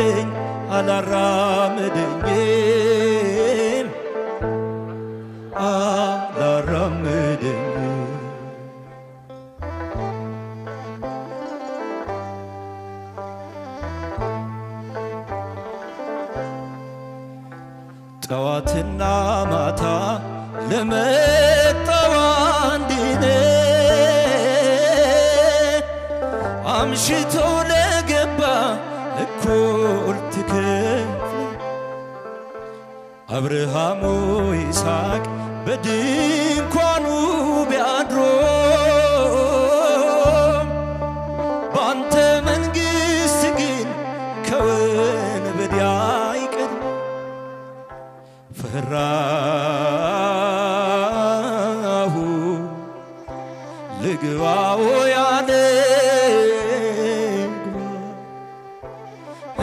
አላራመደኝ አላራመደኝም አላራመደኝም ጠዋትና ማታ ለመጣው አንድነ አምሽቶ ለገባ እኩል ትከፍለ አብርሃሙ ይስሐቅ በድንኳኑ ቢያድሮ በአንተ መንግሥት ግን ከወንበዴ አይቀር ፈራሁ ልግባው ያለ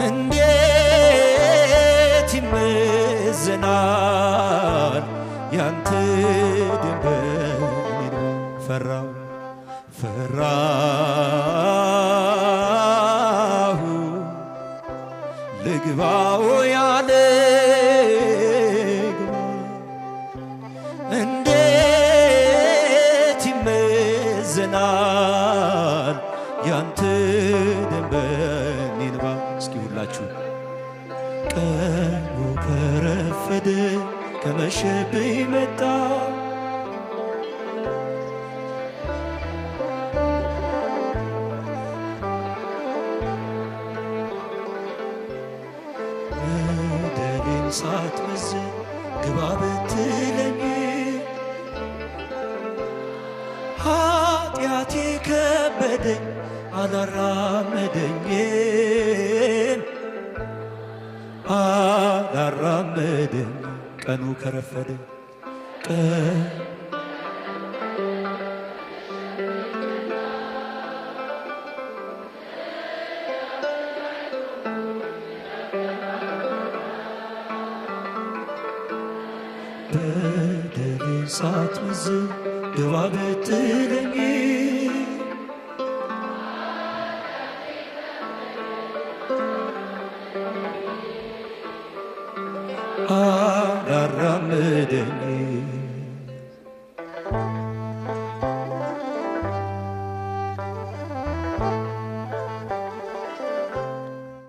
እንዴት ይመዘናል ያንተ ድንበር ፈራው ፈራሁ ልግባው ያለ እንዴት ይመዘናል ያንተ ድንበር ትችላላችሁ። ቀኑ ከረፈደ ከመሸብኝ መጣ በደሌን ሳትመዝን ግባ ብትለኝ ኃጢአቴ ከበደኝ Ana rahmet engin Ana rahmet engin ቀኑ ከረፈደ በደቤ ሳትመዝ ድባ Adarra medeni